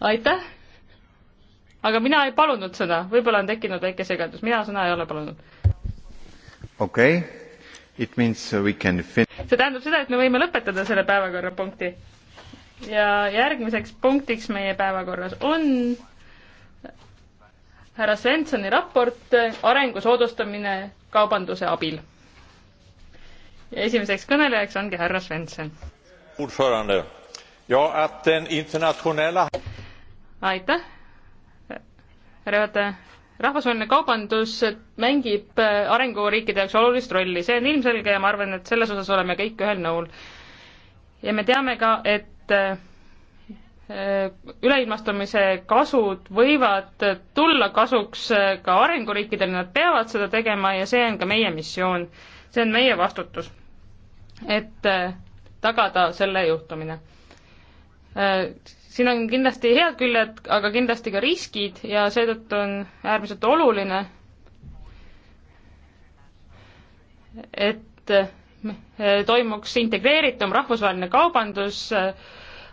aitäh! aga mina ei palunud sõna, võib-olla on tekkinud väike segadus, mina sõna ei ole palunud. okei okay., it means uh, we can fin-. see tähendab seda, et me võime lõpetada selle päevakorrapunkti. ja järgmiseks punktiks meie päevakorras on härra Svensoni raport äh, Arengu soodustamine kaubanduse abil. ja esimeseks kõnelejaks ongi härra Svenson. ordförande aitäh, härra juhataja. rahvusvaheline kaubandus mängib äh, arenguriikide jaoks olulist rolli, see on ilmselge ja ma arvan, et selles osas oleme kõik ühel nõul. ja me teame ka, et äh, üleilmastumise kasud võivad tulla kasuks äh, ka arenguriikidele, nad peavad seda tegema ja see on ka meie missioon. see on meie vastutus, et tagada selle juhtumine Äh, siin on kindlasti head küljed, aga kindlasti ka riskid ja seetõttu on äärmiselt oluline, et äh, toimuks integreeritum rahvusvaheline kaubandus äh,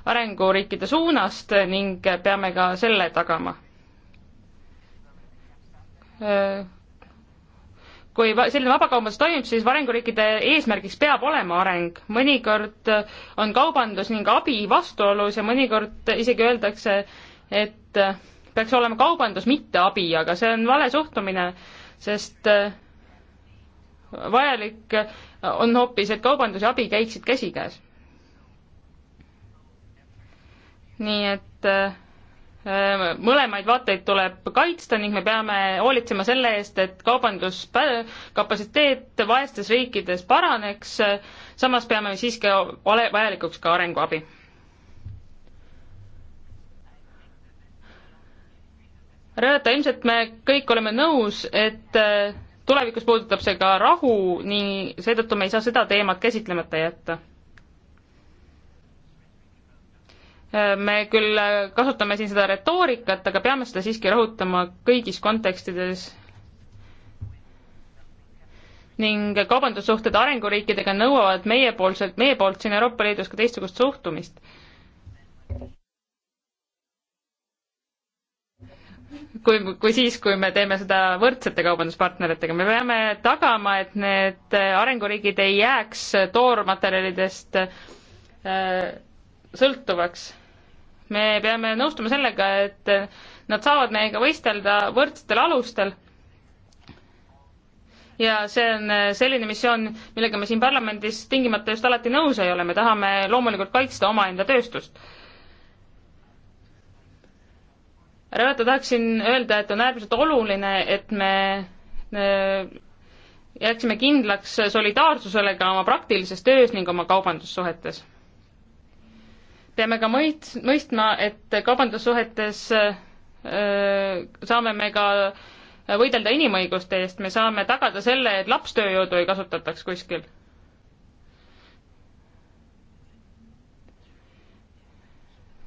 arenguriikide suunast ning peame ka selle tagama kui selline vabakaubandus toimib, siis arenguriikide eesmärgiks peab olema areng. mõnikord on kaubandus ning abi vastuolus ja mõnikord isegi öeldakse, et peaks olema kaubandus, mitte abi, aga see on vale suhtumine, sest äh, vajalik on hoopis, et kaubandus ja abi käiksid käsikäes. nii et äh, Ehm, mõlemaid vaateid tuleb kaitsta ning me peame hoolitsema selle eest, et kaubanduskapatsiteet vaestes riikides paraneks, samas peame siiski ole-, vajalikuks ka arenguabi. Renata, ilmselt me kõik oleme nõus, et eh, tulevikus puudutab see ka rahu, nii seetõttu me ei saa seda teemat käsitlemata jätta me küll kasutame siin seda retoorikat, aga peame seda siiski rõhutama kõigis kontekstides. ning kaubandussuhted arenguriikidega nõuavad meiepoolselt, meie poolt siin Euroopa Liidus ka teistsugust suhtumist. kui, kui siis, kui me teeme seda võrdsete kaubanduspartneritega, me peame tagama, et need arenguriigid ei jääks toormaterjalidest äh, sõltuvaks. me peame nõustuma sellega, et nad saavad meiega võistelda võrdsetel alustel. ja see on selline missioon, millega me siin parlamendis tingimata just alati nõus ei ole, me tahame loomulikult kaitsta omaenda tööstust. Rõõta tahaksin öelda, et on äärmiselt oluline, et me jääksime kindlaks solidaarsusele ka oma praktilises töös ning oma kaubandussuhetes peame ka mõist-, mõistma, et kaubandussuhetes äh, saame me ka võidelda inimõiguste eest, me saame tagada selle, et lapstööjõudu ei kasutataks kuskil.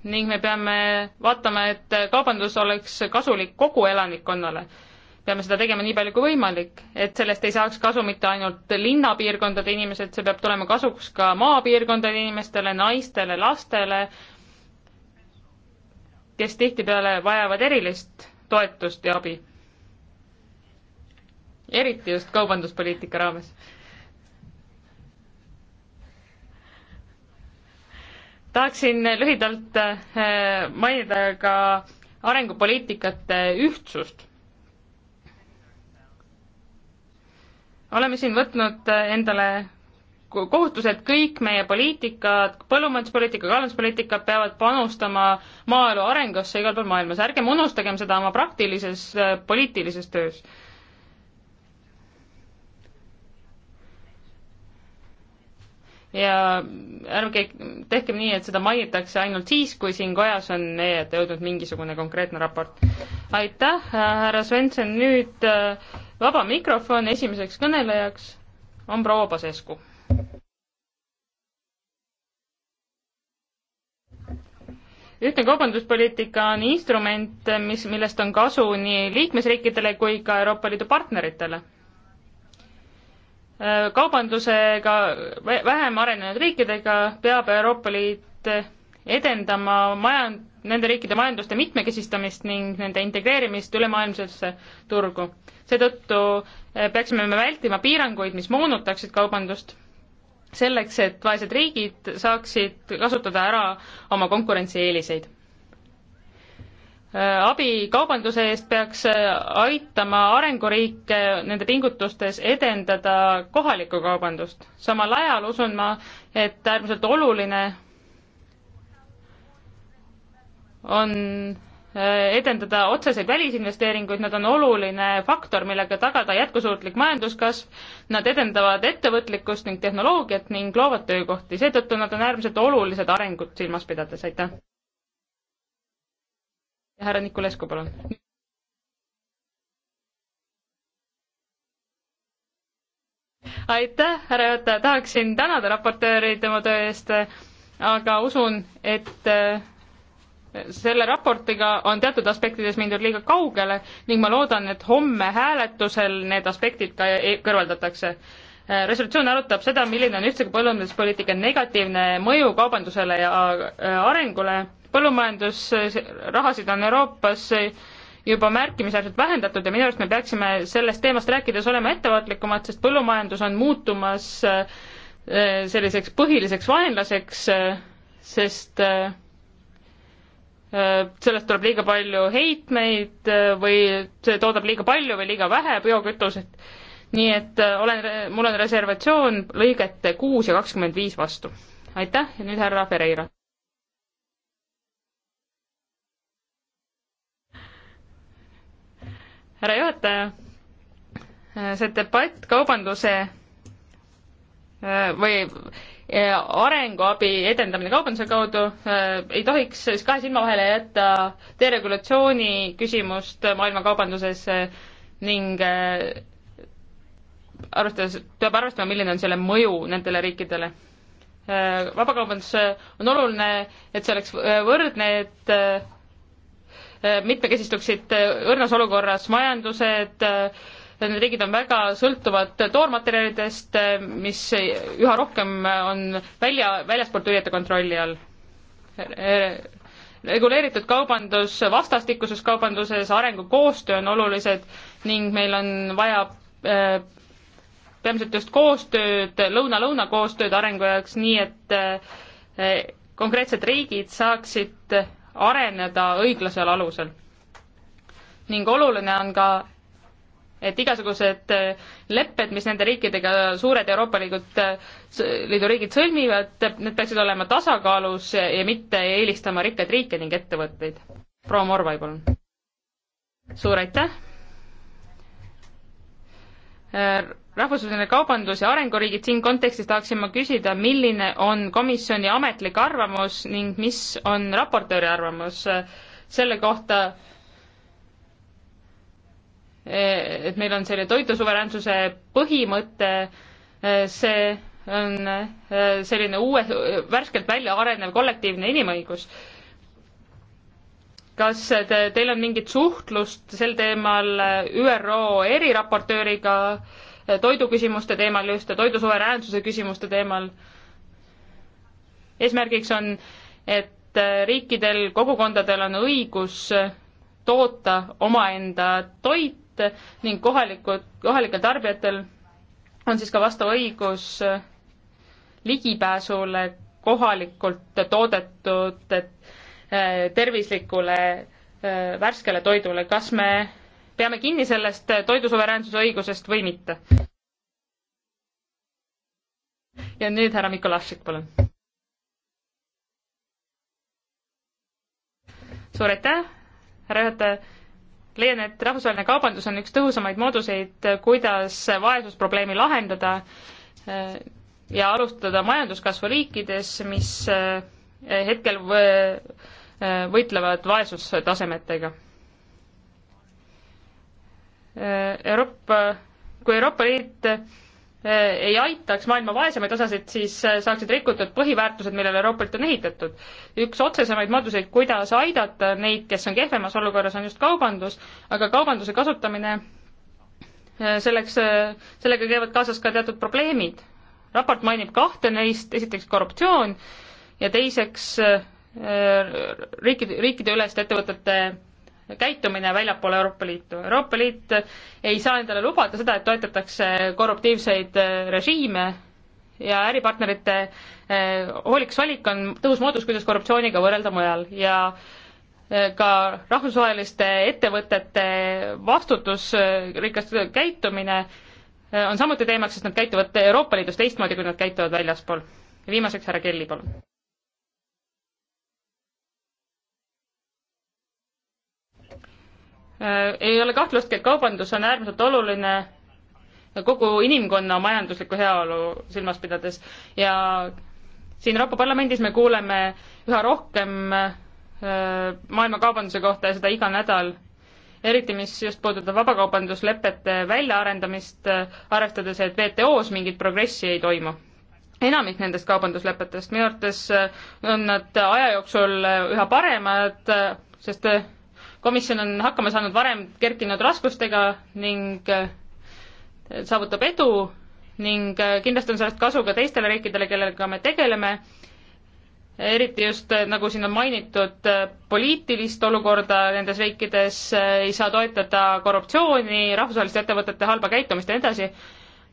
ning me peame vaatama, et kaubandus oleks kasulik kogu elanikkonnale peame seda tegema nii palju kui võimalik, et sellest ei saaks kasu mitte ainult linnapiirkondade inimesed, see peab tulema kasuks ka maapiirkondade inimestele, naistele, lastele, kes tihtipeale vajavad erilist toetust ja abi. eriti just kaubanduspoliitika raames. tahaksin lühidalt äh, mainida ka arengupoliitikate ühtsust oleme siin võtnud endale kohutused, kõik meie poliitikad, põllumajanduspoliitika, kalanduspoliitika peavad panustama maaelu arengusse igal pool maailmas, ärgem unustagem seda oma praktilises poliitilises töös ja ärge tehkem nii, et seda mainitakse ainult siis, kui siin kojas on EET jõudnud mingisugune konkreetne raport. aitäh, härra Svensson, nüüd äh, vaba mikrofon esimeseks kõnelejaks on proua Pasescu. ühtne kaubanduspoliitika on instrument, mis, millest on kasu nii liikmesriikidele kui ka Euroopa Liidu partneritele Äh, kaubandusega vähem arenenud riikidega peab Euroopa Liit edendama majand-, nende riikide majanduste mitmekesistamist ning nende integreerimist ülemaailmsesse turgu. seetõttu äh, peaksime me vältima piiranguid, mis moonutaksid kaubandust, selleks et vaesed riigid saaksid kasutada ära oma konkurentsieeliseid Äh, abi kaubanduse eest peaks äh, aitama arenguriike nende pingutustes edendada kohalikku kaubandust. samal ajal usun ma, et äärmiselt oluline on äh, edendada otseseid välisinvesteeringuid, nad on oluline faktor, millega tagada jätkusuutlik majanduskasv, nad edendavad ettevõtlikkust ning tehnoloogiat ning loovad töökohti, seetõttu nad on äärmiselt olulised arengut silmas pidades, aitäh! härra Nikolescu, palun. aitäh, härra juhataja, tahaksin tänada raportööri tema töö eest, aga usun, et äh, selle raportiga on teatud aspektides mindud liiga kaugele ning ma loodan, et homme hääletusel need aspektid ka e-, kõrvaldatakse. Äh, resolutsioon arutab seda, milline on ühtse põllumajanduspoliitika negatiivne mõju kaubandusele ja äh, arengule põllumajandusrahasid on Euroopas juba märkimisväärselt vähendatud ja minu arust me peaksime sellest teemast rääkides olema ettevaatlikumad, sest põllumajandus on muutumas eh, selliseks põhiliseks vaenlaseks, eh, sest eh, sellest tuleb liiga palju heitmeid või see toodab liiga palju või liiga vähe biokütuset. nii et olen, mul on reservatsioon lõigete kuus ja kakskümmend viis vastu. aitäh ja nüüd härra Ferreira härra juhataja, see debatt kaubanduse või e, arenguabi edendamine kaubanduse kaudu e, ei tohiks siis kahe silma vahele jätta deregulatsiooni küsimust maailmakaubanduses e, ning arvestades, peab arvestama, milline on selle mõju nendele riikidele. vabakaubandus on oluline, et see oleks võrdne, et Äh, mitmekesistuksid äh, õrnas olukorras majandused, äh, need riigid on väga sõltuvad toormaterjalidest, mis üha rohkem on välja, väljaspoolt tulijate kontrolli all. reguleeritud kaubandus, vastastikuses kaubanduses, arengukoostöö on olulised ning meil on vaja peamiselt just koostööd, lõuna-lõuna koostööd arengu jaoks, nii et konkreetsed riigid saaksid areneda õiglasel alusel. ning oluline on ka et igasugused äh, lepped, mis nende riikidega suured Euroopa Liidud, äh, Liidu riigid sõlmivad, need peaksid olema tasakaalus ja mitte eelistama rikkaid riike ning ettevõtteid. proua Morvai, palun. suur aitäh! Äh, rahvusvaheline kaubandus ja arenguriigid, siin kontekstis tahaksin ma küsida, milline on komisjoni ametlik arvamus ning mis on raportööri arvamus äh, selle kohta, äh, et meil on selline toidusuveräänsuse põhimõte, see on selline uue, värskelt välja arenev kollektiivne inimõigus kas te, teil on mingit suhtlust sel teemal ÜRO eriraportööriga eh, toiduküsimuste teemal just ja toidusuveräänsuse küsimuste teemal? eesmärgiks on, et eh, riikidel, kogukondadel on õigus toota omaenda toit ning kohalikud, kohalikel tarbijatel on siis ka vastav õigus eh, ligipääsule kohalikult toodetud Äh, tervislikule äh, värskele toidule, kas me peame kinni sellest äh, toidusuveräänsuse õigusest või mitte? ja nüüd härra Mikolašik, palun. suur aitäh, härra juhataja. leian, et rahvusvaheline kaubandus on üks tõhusamaid mooduseid, kuidas vaesusprobleemi lahendada ja alustada majanduskasvu riikides, mis hetkel võitlevad vaesustasemetega. Euroopa, kui Euroopa Liit eh, ei aitaks maailma vaesemaid osasid, siis eh, saaksid rikutud põhiväärtused, millele Euroopa Liit on ehitatud. üks otsesemaid moduseid, kuidas aidata neid, kes on kehvemas olukorras, on just kaubandus, aga kaubanduse kasutamine eh, selleks, sellega käivad kaasas ka teatud probleemid. raport mainib kahte neist, esiteks korruptsioon ja teiseks Äh, riikide, riikideüleste ettevõtete käitumine väljapoole Euroopa Liitu. Euroopa Liit ei saa endale lubada seda, et toetatakse korruptiivseid äh, režiime ja äripartnerite äh, hoolikas valik on tõhus moodus, kuidas korruptsiooniga võrrelda mujal ja ka rahvusvaheliste ettevõtete vastutusrikas käitumine on samuti teemaks, sest nad käituvad Euroopa Liidus teistmoodi, kui nad käituvad väljaspool. ja viimaseks härra Kelly, palun Äh, ei ole kahtlustki, et kaubandus on äärmiselt oluline kogu inimkonna majanduslikku heaolu silmas pidades ja siin Euroopa Parlamendis me kuuleme üha rohkem äh, maailma kaubanduse kohta ja seda iga nädal, eriti mis just puudutab vabakaubanduslepete väljaarendamist, äh, arvestades, et WTO-s mingit progressi ei toimu. enamik nendest kaubanduslepetest, minu arvates on nad aja jooksul üha paremad, sest komisjon on hakkama saanud varem kerkinud raskustega ning äh, saavutab edu ning äh, kindlasti on sellest kasu ka teistele riikidele, kellega me tegeleme, eriti just, äh, nagu siin on mainitud, poliitilist olukorda nendes riikides, ei saa toetada korruptsiooni, rahvusvaheliste ettevõtete halba käitumist ja nii edasi,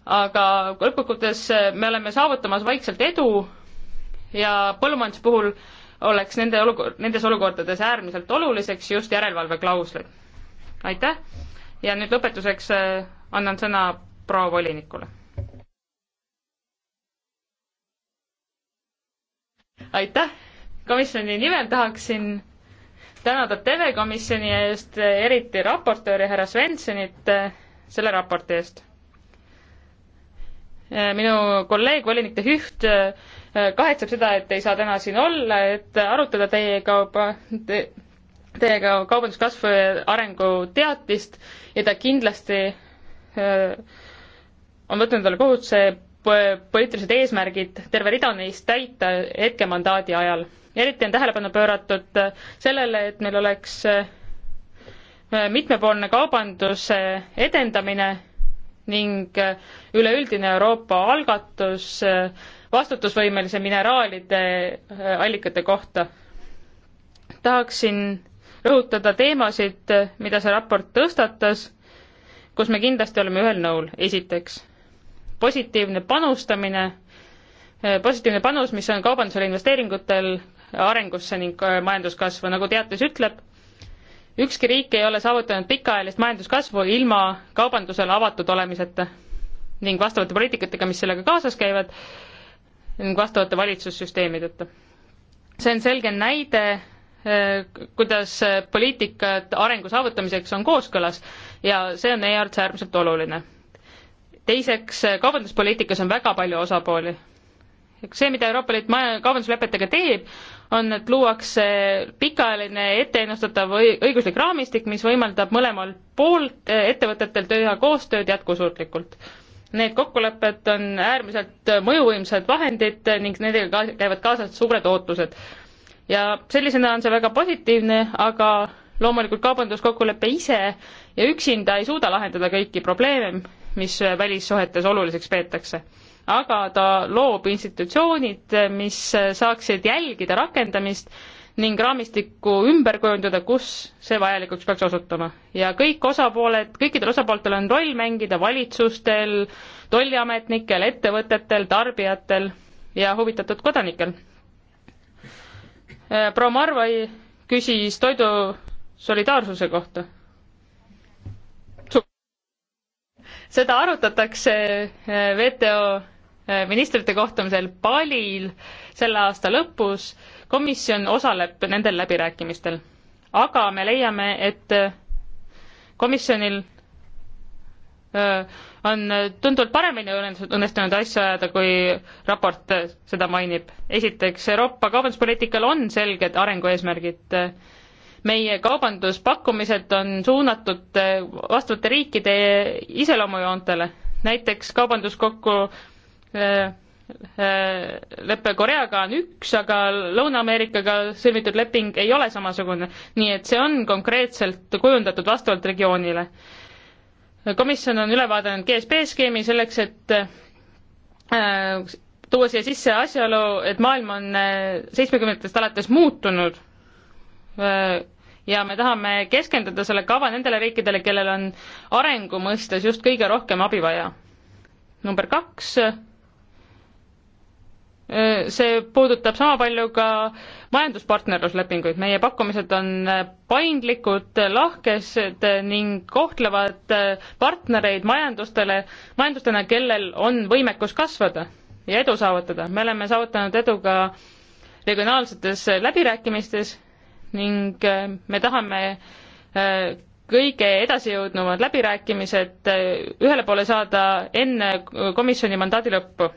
aga lõppkokkuvõttes me oleme saavutamas vaikselt edu ja põllumajanduse puhul oleks nende olukord, nendes olukordades äärmiselt oluliseks just järelevalveklauslid. aitäh ja nüüd lõpetuseks äh, annan sõna proua volinikule. aitäh, komisjoni nimel tahaksin tänada TV Komisjoni eest, eriti raportööri härra Svenssonit äh, selle raporti eest Eh, minu kolleeg, volinik De Hüht eh, kahetseb seda, et ei saa täna siin olla, et arutada teie kauba te,, teiega kaubanduskasvu ja arengu teatist ja ta kindlasti öö, eh, on võtnud endale kohustuse poliitilised eesmärgid, terve rida neist täita hetkemandaadi ajal. eriti on tähelepanu pööratud sellele, et meil oleks mitmepoolne kaubanduse edendamine ning äh, üleüldine Euroopa algatus äh, vastutusvõimelise mineraalide äh, allikate kohta. tahaksin rõhutada teemasid, mida see raport tõstatas, kus me kindlasti oleme ühel nõul. esiteks, positiivne panustamine, positiivne panus, mis on kaubandusel investeeringutel arengusse ning majanduskasvu, nagu teates ütleb ükski riik ei ole saavutanud pikaajalist majanduskasvu ilma kaubandusele avatud olemiseta ning vastavate poliitikatega, mis sellega kaasas käivad, ning vastavate valitsussüsteemideta. see on selge näide, eh, kuidas eh, poliitikad arengu saavutamiseks on kooskõlas ja see on meie arvates äärmiselt oluline. teiseks, eh, kaubanduspoliitikas on väga palju osapooli see, mida Euroopa Liit maja-, kaubanduslepetega teeb, on, et luuakse pikaajaline etteennustatav õiguslik raamistik, mis võimaldab mõlemal pool eh, ettevõtetel teha koostööd jätkusuutlikult. Need kokkulepped on äärmiselt mõjuvõimsad vahendid ning nendega käivad kaasas suured ootused. ja sellisena on see väga positiivne, aga loomulikult kaubanduskokkulepe ise ja üksinda ei suuda lahendada kõiki probleeme, mis välissuhetes oluliseks peetakse aga ta loob institutsioonid, mis saaksid jälgida rakendamist ning raamistikku ümber kujundada, kus see vajalikuks peaks osutuma. ja kõik osapooled, kõikidel osapooltel on roll mängida, valitsustel, tolliametnikel, ettevõtetel, tarbijatel ja huvitatud kodanikel. Äh, proua Marvai küsis toidu solidaarsuse kohta seda arutatakse äh, WTO Äh, ministrite kohtumisel Balil selle aasta lõpus. komisjon osaleb nendel läbirääkimistel, aga me leiame, et äh, komisjonil äh, on tunduvalt paremini õnnestunud asju ajada, kui raport seda mainib. esiteks, Euroopa kaubanduspoliitikal on selged arengueesmärgid. meie kaubanduspakkumised on suunatud vastavate riikide iseloomujoontele, näiteks kaubanduskokku Äh, äh, lepe Koreaga on üks, aga Lõuna-Ameerikaga sõlmitud leping ei ole samasugune. nii et see on konkreetselt kujundatud vastavalt regioonile. komisjon on üle vaadanud GSP skeemi selleks, et äh, tuua siia sisse asjaolu, et maailm on seitsmekümnendatest alates muutunud ja me tahame keskenduda selle kava nendele riikidele, kellel on arengu mõistes just kõige rohkem abi vaja. number kaks see puudutab sama palju ka majanduspartnerluslepinguid, meie pakkumised on paindlikud, lahkesed ning kohtlevad partnereid majandustele, majandustena, kellel on võimekus kasvada ja edu saavutada. me oleme saavutanud edu ka regionaalsetes läbirääkimistes ning me tahame äh, kõige edasijõudnumad läbirääkimised äh, ühele poole saada enne komisjoni mandaadi lõppu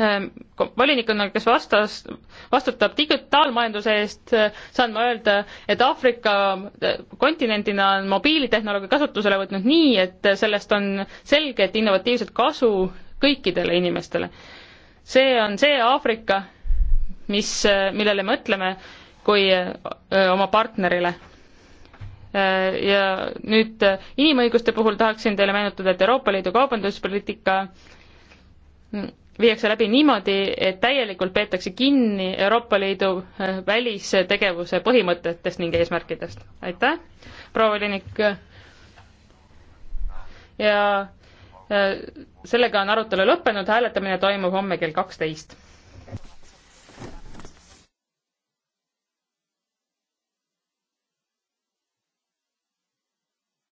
Ähm, volinikuna, kes vastas, vastutab digitaalmajanduse eest, äh, saan ma öelda, et Aafrika äh, kontinendina on mobiilitehnoloogia kasutusele võtnud nii, et sellest on selget innovatiivset kasu kõikidele inimestele. see on see Aafrika, mis, äh, millele mõtleme kui oma partnerile ja nüüd inimõiguste puhul tahaksin teile meenutada, et Euroopa Liidu kaubanduspoliitika mm, viiakse läbi niimoodi, et täielikult peetakse kinni Euroopa Liidu äh, välistegevuse põhimõtetest ning eesmärkidest. aitäh, proua volinik. ja äh, sellega on arutelu lõppenud, hääletamine toimub homme kell kaksteist.